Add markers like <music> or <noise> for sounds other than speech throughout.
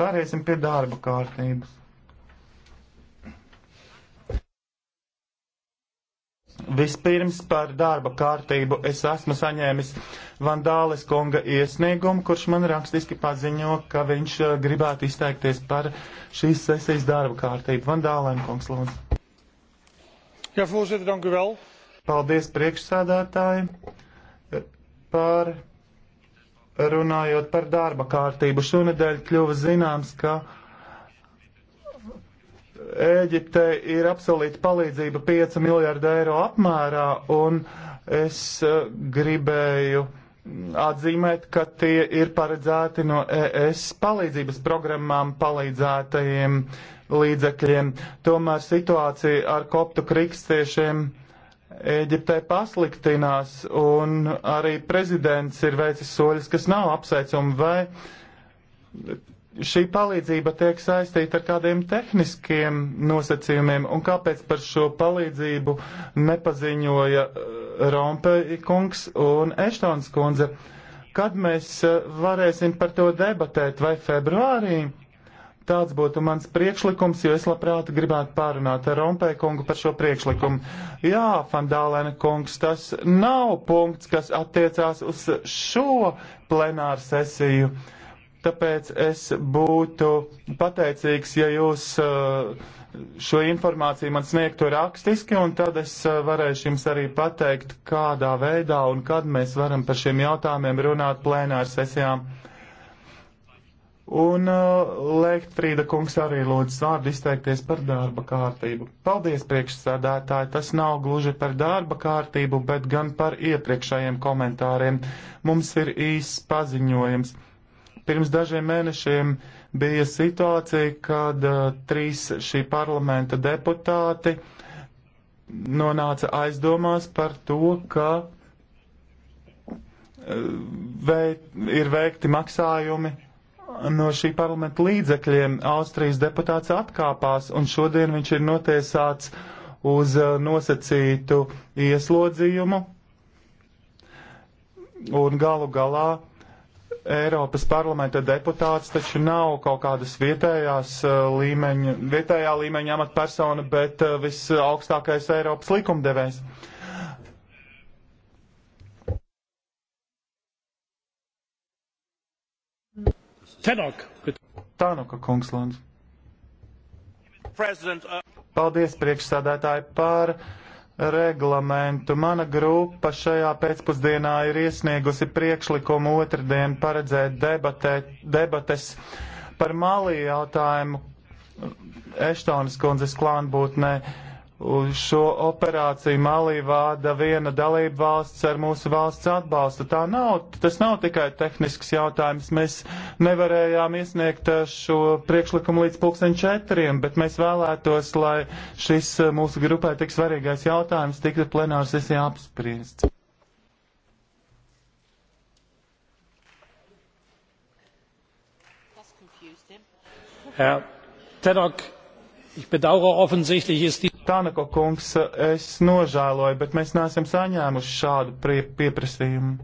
Pāriesim pie darba kārtības. Vispirms par darba kārtību es esmu saņēmis Vandāles kunga iesniegumu, kurš man rakstiski paziņo, ka viņš eh, gribētu izteikties par šīs sesijas darba kārtību. Vandālēm kungs, lūdzu. Jā, ja, voorzitter, dank u wel. Paldies priekšsādātāji eh, par Runājot par darba kārtību, šonadēļ kļuva zināms, ka Ēģipte ir absolūta palīdzība 5 miljārdu eiro apmērā, un es eh, gribēju atzīmēt, ka tie ir paredzēti no ES palīdzības programmām palīdzētajiem līdzekļiem. Tomēr situācija ar koptu krikstiešiem Ēģiptē pasliktinās, un arī prezidents ir veicis soļus, kas nav apsveicami, vai šī palīdzība tiek saistīta ar kādiem tehniskiem nosacījumiem, un kāpēc par šo palīdzību nepaziņoja eh, Rompei kungs un Eštons kundze. Kad mēs eh, varēsim par to debatēt, vai februārī? Tāds būtu mans priekšlikums, jo es labprāt gribētu pārunāt ar Rompēju kungu par šo priekšlikumu. Jā, Fandālēna kungs, tas nav punkts, kas attiecās uz šo plenāru sesiju. Tāpēc es būtu pateicīgs, ja jūs uh, šo informāciju man sniegtu rakstiski, un tad es uh, varēšu jums arī pateikt, kādā veidā un kad mēs varam par šiem jautājumiem runāt plenāru sesijām. Un uh, Lēktfrīda kungs arī lūdz vārdu izteikties par darba kārtību. Paldies, priekšsēdētāji, tas nav gluži par darba kārtību, bet gan par iepriekšējiem komentāriem. Mums ir īsts paziņojums. Pirms dažiem mēnešiem bija situācija, kad uh, trīs šī parlamenta deputāti nonāca aizdomās par to, ka uh, vei, ir veikti maksājumi no šī parlamenta līdzekļiem Austrijas deputāts atkāpās, un šodien viņš ir notiesāts uz eh, nosacītu ieslodzījumu. Un galu galā Eiropas parlamenta deputāts taču nav kaut kādas vietējās eh, līmeņa, vietējā līmeņa amatpersona, bet eh, visaugstākais Eiropas likumdevējs. Uh, Tenok. Tānuka kungs, lūdzu. Uh, Paldies priekšsādātāji par reglamentu. Mana grupa šajā pēcpusdienā ir iesniegusi priekšlikumu otrdien paredzēt debatē, debates par malī jautājumu Eštonas kundzes klānbūtnē. Uz šo operāciju Malī vāda viena dalība valsts ar mūsu valsts atbalstu. Tā nav, tas nav tikai tehnisks jautājums. Mēs nevarējām iesniegt šo priekšlikumu līdz pulksten četriem, bet mēs vēlētos, lai šis mūsu grupai tik svarīgais jautājums tiktu plenārs visiem apspriests. Herr Tenok, Tānako kungs, es nožēloju, bet mēs neesam saņēmuši šādu prie, pieprasījumu.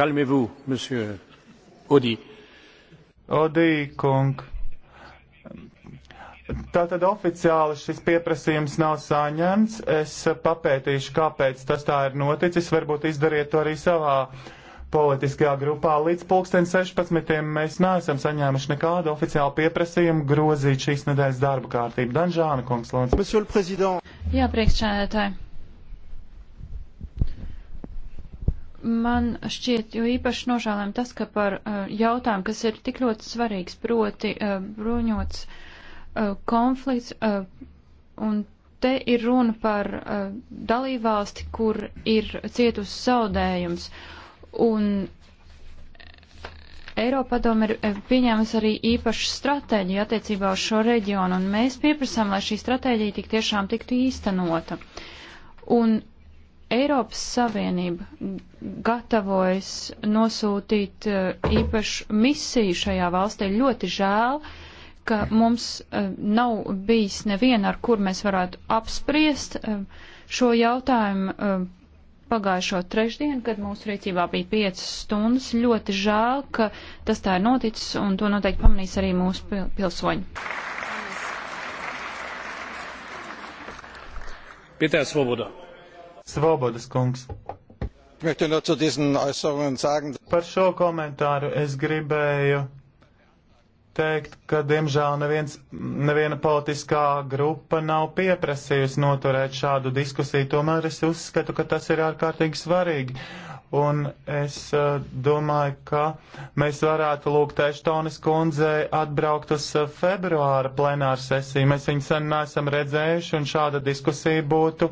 Kalmevū, monsieur Odī. Odī kung. Tātad oficiāli šis pieprasījums nav saņemts. Es papētīšu, kāpēc tas tā ir noticis. Varbūt izdariet to arī savā politiskajā grupā līdz pulksten 16. mēs neesam saņēmuši nekādu oficiālu pieprasījumu grozīt šīs nedēļas darba kārtību. Danžāna kungs, lūdzu. Jā, priekšsēdētāji. Man šķiet, jo īpaši nožēlēm tas, ka par uh, jautājumu, kas ir tik ļoti svarīgs, proti uh, bruņots uh, konflikts, uh, un te ir runa par uh, dalībvalsti, kur ir cietusi zaudējums. Uh, Un Eiropa padoma ir eh, pieņēmusi arī īpašu stratēģiju attiecībā uz šo reģionu, un mēs pieprasām, lai šī stratēģija tik tiešām tiktu īstenota. Un Eiropas Savienība gatavojas nosūtīt eh, īpašu misiju šajā valstī. Ļoti žēl, ka mums eh, nav bijis neviena, ar kur mēs varētu apspriest šo jautājumu pagājušo trešdienu, kad mūsu rīcībā bija 5 stundas. Ļoti žēl, ka tas tā ir noticis, un to noteikti pamanīs arī mūsu pil pilsoņi. Pieter Svoboda. Svobodas kungs. Par šo komentāru es gribēju teikt, ka diemžēl neviens, neviena politiskā grupa nav pieprasījusi noturēt šādu diskusiju, tomēr es uzskatu, ka tas ir ārkārtīgi svarīgi. Un es uh, domāju, ka mēs varētu lūgt Eštonis kundzei atbraukt uz eh, februāra plenāru sesiju. Mēs viņu sen neesam redzējuši, un šāda diskusija būtu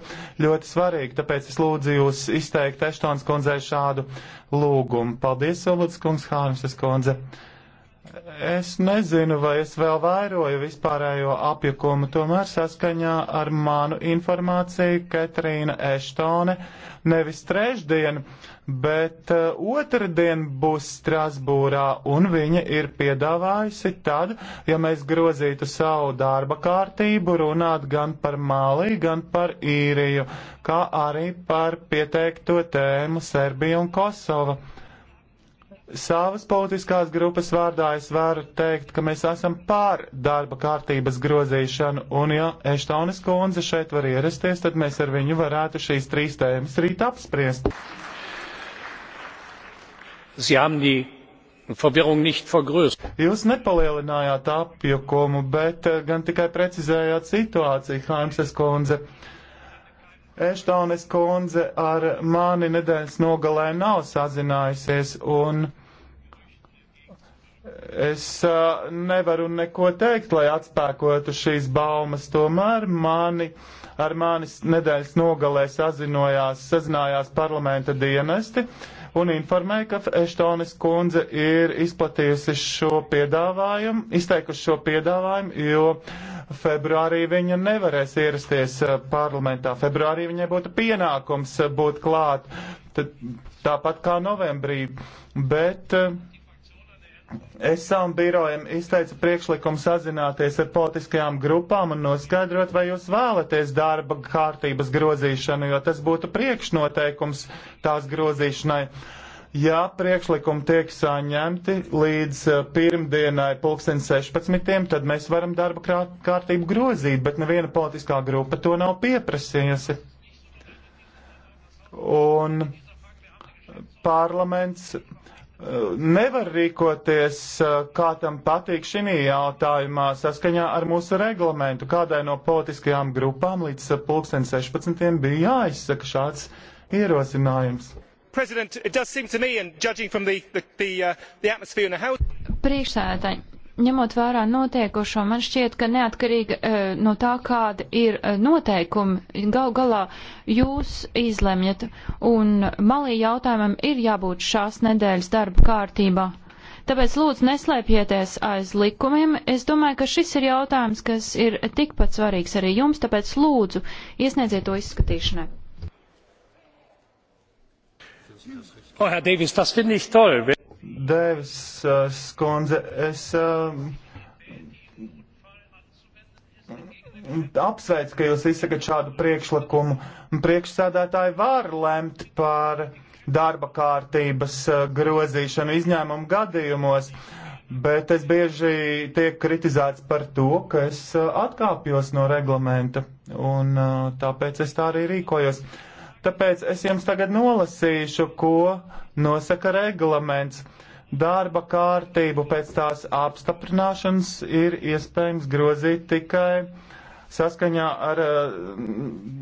ļoti svarīga. Tāpēc es lūdzu jūs izteikt Eštonis kundzei šādu lūgumu. Paldies, Uludz kungs, Hārmses kundze. Uh, Es nezinu, vai es vēl vairoju vispārējo apjukumu, tomēr saskaņā ar manu informāciju Ketrīna Eštone nevis trešdien, bet uh, otrdien būs Strasbūrā, un viņa ir piedāvājusi tad, ja mēs grozītu savu darba kārtību, runāt gan par Mālī, gan par īriju, kā arī par pieteikto tēmu Serbija un Kosova. Uh, Savas politiskās grupas vārdā es varu teikt, ka mēs esam pār darba kārtības grozīšanu, un ja Eštonis kundze šeit var ierasties, tad mēs ar viņu varētu šīs trīs tēmas rīt apspriest. Jūs nepalielinājāt apjukumu, bet eh, gan tikai precizējāt situāciju, Haimses kundze. Uh, Eštones kundze ar mani nedēļas nogalē nav sazinājusies, un es uh, nevaru neko teikt, lai atspēkotu šīs baumas. Tomēr mani, ar mani nedēļas nogalē sazinājās parlamenta dienesti. Uh, un informēja, ka Eštonis kundze ir izplatījusi šo piedāvājumu, izteikusi šo piedāvājumu, jo februārī viņa nevarēs ierasties eh, parlamentā. Februārī viņai būtu pienākums eh, būt klāt, tad, tāpat kā novembrī, bet uh, Es savam birojam izteicu priekšlikumu sazināties ar politiskajām grupām un noskaidrot, vai jūs vēlaties darba kārtības grozīšanu, jo tas būtu priekšnoteikums tās grozīšanai. Ja priekšlikumi tiek saņemti līdz eh, pirmdienai pulksten 16, tad mēs varam darba kārtību grozīt, bet neviena politiskā grupa to nav pieprasījusi. Un parlaments nevar rīkoties, eh, kā tam patīk šī jautājumā, saskaņā ar mūsu reglamentu. Kādai no politiskajām grupām līdz eh, pulksten 16. bija jāizsaka šāds ierosinājums. Uh, Priekšsēdētāji, ņemot vērā notiekošo, man šķiet, ka neatkarīgi uh, no tā, kāda ir uh, noteikumi, gal galā jūs izlemjat, un malī jautājumam ir jābūt šās nedēļas darba kārtībā. Tāpēc lūdzu neslēpieties aiz likumiem. Es domāju, ka šis ir jautājums, kas ir tikpat svarīgs arī jums, tāpēc lūdzu iesniedziet to izskatīšanai. Oh, Herr Davis, das finde ich toll. Dēvis uh, skundze, es uh, apsveicu, ka jūs izsakat šādu priekšlikumu. Priekšsēdētāji var lemt par darba kārtības uh, grozīšanu izņēmumu gadījumos, bet es bieži tiek kritizēts par to, ka es atkāpjos no reglamenta, un tāpēc es tā arī rīkojos. Uh, Tāpēc es jums tagad nolasīšu, ko nosaka reglaments. Darba kārtību pēc tās apstiprināšanas ir iespējams grozīt tikai saskaņā ar uh,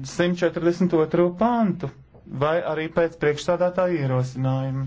eh, 142. pantu vai arī pēc priekšstādātāja ierosinājuma.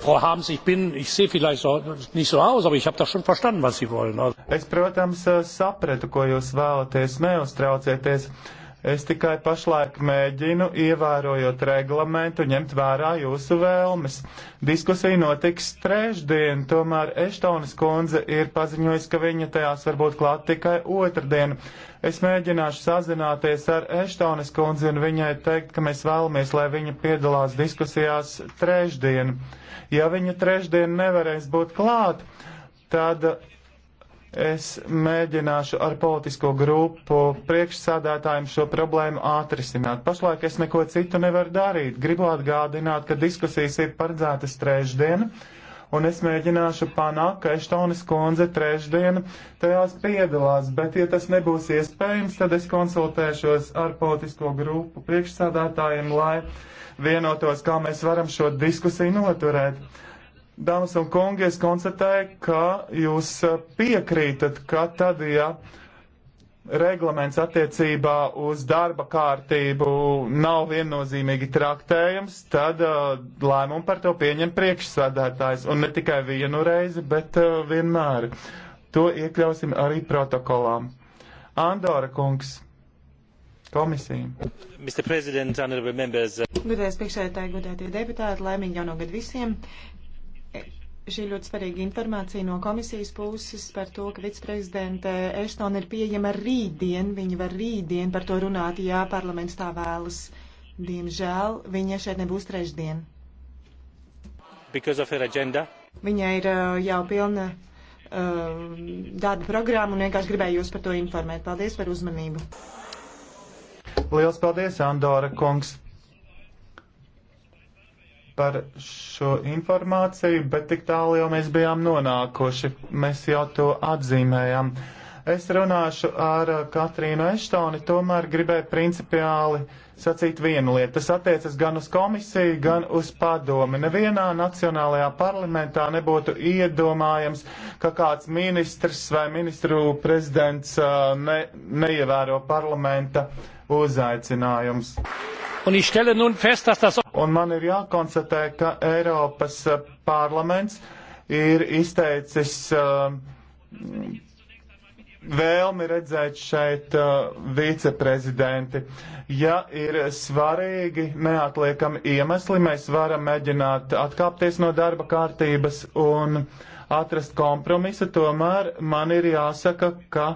Frau Harms, ich bin, ich sehe vielleicht so, nicht so aus, aber ich habe das schon verstanden, was Sie wollen. Es, protams, äh, sapratu, ko jūs vēlaties, neuztraucieties. Uh, Es tikai pašlaik mēģinu, ievērojot reglamentu, ņemt vērā jūsu vēlmes. Diskusija notiks trešdien, tomēr Eštonas kundze ir paziņojusi, ka viņa tajās var būt klāt tikai otrdien. Es mēģināšu sazināties ar Eštonas kundzi un viņai teikt, ka mēs vēlamies, lai viņa piedalās diskusijās trešdien. Ja viņa trešdien nevarēs būt klāt, tad Es mēģināšu ar politisko grupu priekšsādātājiem šo problēmu atrisināt. Pašlaik es neko citu nevaru darīt. Gribu atgādināt, ka diskusijas ir paredzētas trešdien, un es mēģināšu panākt, ka Eštonis kundze trešdien tajās piedalās, bet ja tas nebūs iespējams, tad es konsultēšos ar politisko grupu priekšsādātājiem, lai vienotos, kā mēs varam šo diskusiju noturēt Dāmas un kungi, es konstatēju, ka jūs eh, piekrītat, ka tad, ja reglaments attiecībā uz darba kārtību nav viennozīmīgi traktējams, tad uh, lēmumu par to pieņem priekšsādātājs. Un ne tikai vienu reizi, bet uh, vienmēr. To iekļausim arī protokolā. Andora kungs. Komisija. Mr. President, honorable members. Gudēs priekšsēdētāji, gudētie deputāti, laimīgi jauno gadu visiem. Šī ļoti svarīga informācija no komisijas puses par to, ka viceprezidente Eštona ir pieejama rītdien. Viņa var rītdien par to runāt, ja parlaments tā vēlas. Diemžēl viņa šeit nebūs trešdien. Viņai ir uh, jau pilna uh, darba programma un vienkārši gribēju jūs par to informēt. Paldies par uzmanību. Lielas paldies, Andora Kungs par šo informāciju, bet tik tālu jau mēs bijām nonākuši. Mēs jau to atzīmējam. Es runāšu ar Katrīnu Eštoni, tomēr gribēju principiāli sacīt vienu lietu. Tas attiecas gan uz komisiju, gan uz padomi. Nevienā nacionālajā parlamentā nebūtu iedomājams, ka kāds ministrs vai ministru prezidents uh, ne, neievēro parlamenta uzaicinājums. Un man ir jākonstatē, ka Eiropas eh, parlaments ir izteicis uh, vēlmi redzēt šeit uh, viceprezidenti. Ja ir svarīgi, neatliekami iemesli, mēs varam mēģināt atkāpties no darba kārtības un atrast kompromisu. Tomēr man ir jāsaka, ka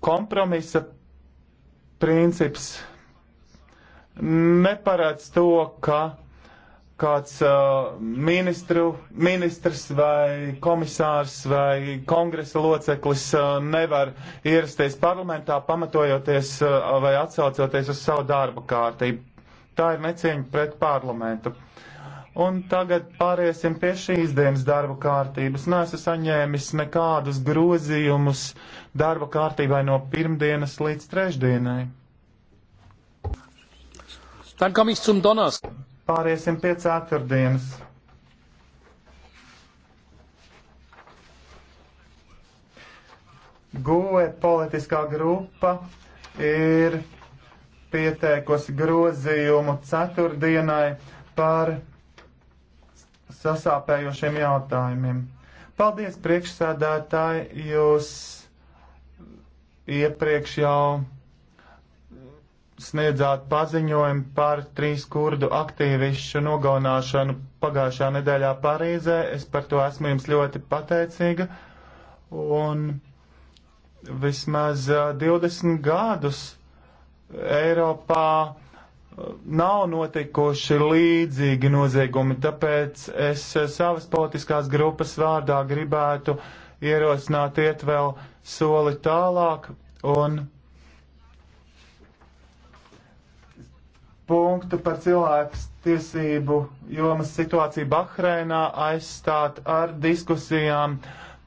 kompromisa princips neparedz to, ka kāds uh, ministru, ministrs vai komisārs vai kongresa loceklis uh, nevar ierasties parlamentā, pamatojoties uh, vai atsaucoties uz savu darba kārtību. Tā ir necieņa pret parlamentu. Un tagad pāriesim pie šīs dienas darba kārtības. Nesu saņēmis nekādus grozījumus darba kārtībai no pirmdienas līdz trešdienai. Dann komme ich zum Donnerstag. Pāriesim pie ceturtdienas. GUE politiskā grupa ir pieteikusi grozījumu ceturtdienai par sasāpējošiem jautājumiem. Paldies, priekšsēdētāji, jūs iepriekš jau sniedzāt paziņojumu par trīs kurdu aktīvišu nogalināšanu pagājušā nedēļā Parīzē. Es par to esmu jums ļoti pateicīga. Un vismaz 20 gadus Eiropā nav notikuši līdzīgi noziegumi, tāpēc es savas politiskās grupas vārdā gribētu ierosināt iet vēl soli tālāk un punktu par cilvēku tiesību jomas situāciju Bahreinā aizstāt ar diskusijām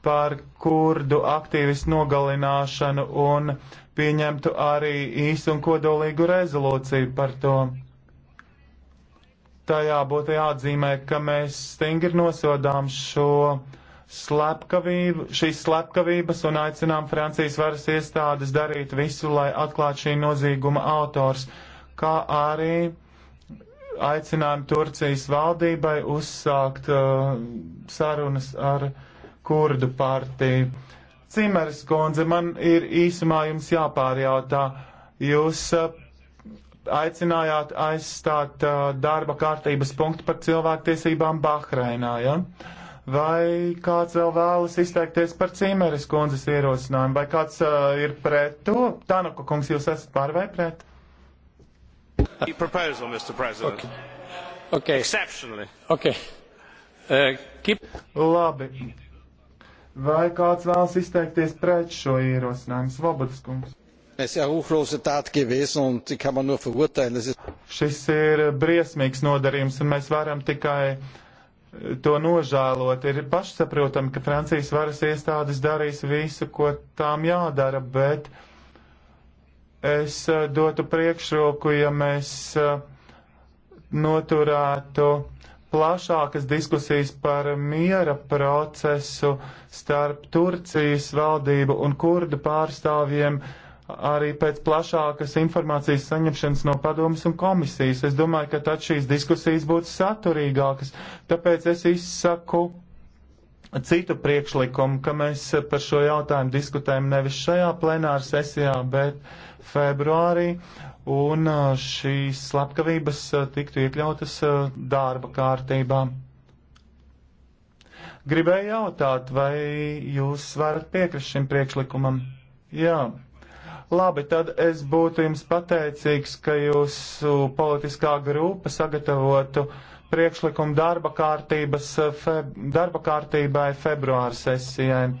par kurdu aktīvistu nogalināšanu un pieņemtu arī īsu un kodolīgu rezolūciju par to. Tajā būtu jāatzīmē, ka mēs stingri nosodām šo slepkavību, šīs slepkavības un aicinām Francijas varas iestādes darīt visu, lai atklātu šī nozīguma autors kā arī aicinājumu Turcijas valdībai uzsākt uh, sarunas ar kurdu partiju. Cimeres kundze, man ir īsumā jums jāpārjautā. Jūs uh, aicinājāt aizstāt uh, darba kārtības punktu par cilvēktiesībām Bahreinā, ja? Vai kāds vēl vēlas izteikties par Cimeres kundzes ierosinājumu, vai kāds uh, ir pret to? Tanuka kungs, jūs esat par vai pret? Uh, <laughs> proposal, Mr. President. Okay. Okay. Exceptionally. Okay. Uh, keep... Labi. Vai kāds vēlas izteikties pret šo ierosinājumu? Svobodas kungs. Es jau hochlose tāt gewesen un die kann man nur verurteilen. Es ist... Šis ir briesmīgs nodarījums un mēs varam tikai eh, to nožēlot. Ir pašsaprotami, ka Francijas varas iestādes darīs visu, ko tām jādara, bet uh, Es eh, dotu priekšroku, ja mēs eh, noturētu plašākas diskusijas par miera procesu starp Turcijas valdību un kurdu pārstāvjiem arī pēc plašākas informācijas saņemšanas no padomas un komisijas. Es domāju, ka tad šīs diskusijas būtu saturīgākas. Tāpēc es izsaku citu priekšlikumu, ka mēs par šo jautājumu diskutējam nevis šajā plenāra sesijā, bet februārī, un uh, šīs slepkavības uh, tiktu iekļautas uh, darba kārtībā. Gribēju jautāt, vai jūs varat piekrist šim priekšlikumam? Jā. Labi, tad es būtu jums pateicīgs, ka jūsu politiskā grupa sagatavotu uh, priekšlikumu darba, kārtības, eh, feb, darba kārtībai februāra sesijai.